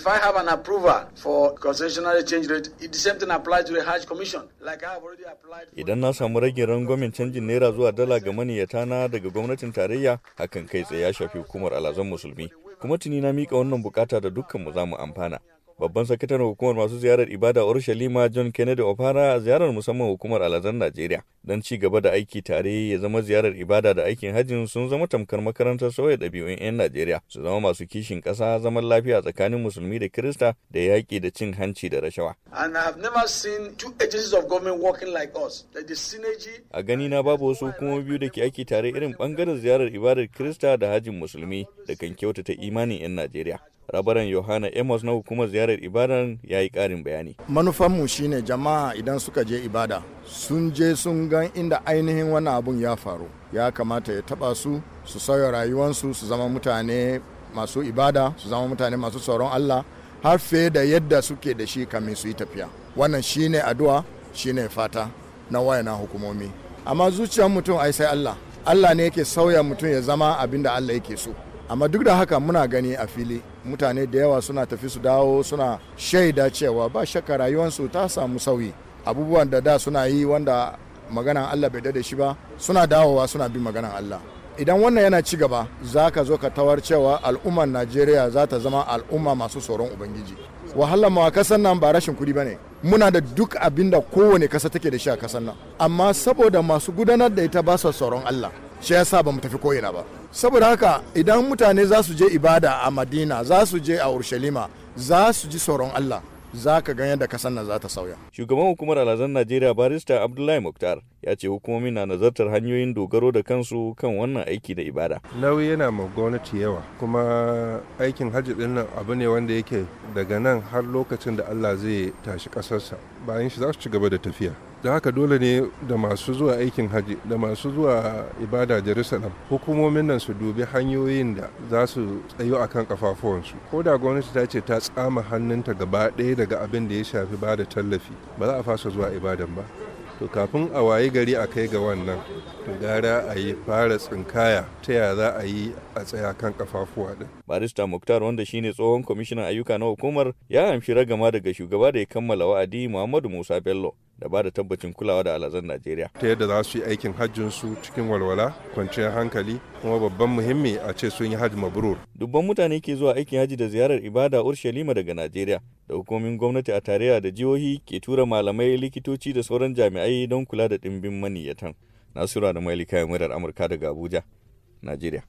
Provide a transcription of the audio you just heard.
If I have an approval for concessionary change rate, it the same thing applies to the Hajj Commission. Like I have already applied. Idan na samu rage rangwamen canjin naira zuwa dala ga maniyata na daga gwamnatin tarayya, hakan kai tsaye ya shafi hukumar alazan musulmi. Kuma tuni na mika wannan bukata da dukkan mu za mu amfana. babban sakataren hukumar masu ziyarar ibada urushalima john kennedy ofara ziyarar musamman hukumar alazan najeriya don ci gaba da aiki tare ya zama ziyarar ibada da aikin hajjin sun zama tamkar makarantar sauya ɗabi'un 'yan najeriya su zama masu kishin ƙasa zaman lafiya tsakanin musulmi da kirista da yaƙi da cin hanci da rashawa a gani na babu wasu hukumomi biyu da ke aiki tare irin ɓangaren ziyarar ibadar kirista da hajjin musulmi da kan kyautata imanin 'yan najeriya rabaran yohana amos na hukumar ziyarar ibadan ya yi karin bayani manufanmu shine jama'a idan suka je ibada sun je sun gan inda ainihin wani abun ya faru ya kamata ya taba su su sauya rayuwansu su zama mutane masu ibada su zama mutane masu tsoron allah har fiye da yadda suke da shi kamin su yi tafiya wannan shine addu'a shine fata na na hukumomi amma zuciyar mutum ai sai allah allah ne yake sauya mutum ya zama abin da allah yake so amma duk da haka muna gani a fili mutane da yawa suna tafi su dawo suna shaida cewa ba shakka rayuwarsu ta samu sauyi abubuwan da da suna yi wanda maganan Allah bai da shi ba suna dawowa suna bin maganan Allah idan wannan yana ci gaba za ka zo ka tawar cewa al'ummar najeriya za ta zama al'umma masu tsoron ubangiji wahalar ma kasan nan ba rashin kuɗi ba ne muna da duk abinda da kowane kasa take da shi a kasan nan amma saboda masu gudanar da ita ba su tsoron allah shi ya sa ba mu tafi ko'ina ba saboda haka idan mutane za su je ibada a madina za su je a urshalima za su ji tsoron allah za ka ga da kasan na za ta sauya shugaban hukumar alhazan najeriya barista abdullahi muktar ya ce hukumomi na nazartar hanyoyin dogaro da kansu kan wannan aiki da ibada. Nauyi yana ma gwamnati yawa kuma aikin hajji din nan abu ne wanda yake daga nan har lokacin da Allah zai tashi ƙasarsa bayan shi za su ci gaba da tafiya. da haka dole ne da masu zuwa aikin hajji da masu zuwa ibada jerusalem hukumomin nan su dubi hanyoyin da za su tsayo a kan kafafuwansu ko da gwamnati ta ce ta tsama hannunta gaba ɗaya daga abin da ya shafi ba da tallafi ba za a fasa zuwa ibadan ba to kafin a wayi gari a kai ga wannan to gara a yi fara tsinkaya ta ya za a yi a tsaya kan kafafuwa din barista muktar wanda shine tsohon kwamishinan ayyuka na hukumar ya amshi ragama daga shugaba da ya kammala wa'adi muhammadu musa bello da ba da tabbacin kulawa da alazan Najeriya. Ta yadda za su yi aikin su cikin walwala, kwanciyar hankali, kuma babban muhimmi a ce sun yi hajji mabrur. Dubban mutane ke zuwa aikin hajji da ziyarar ibada Urshalima daga Najeriya, da hukumomin gwamnati a tarayya da jihohi ke tura malamai, likitoci da sauran jami'ai don kula da ɗimbin maniyyatan. Nasura da Mailika Yamirar Amurka daga Abuja, Najeriya.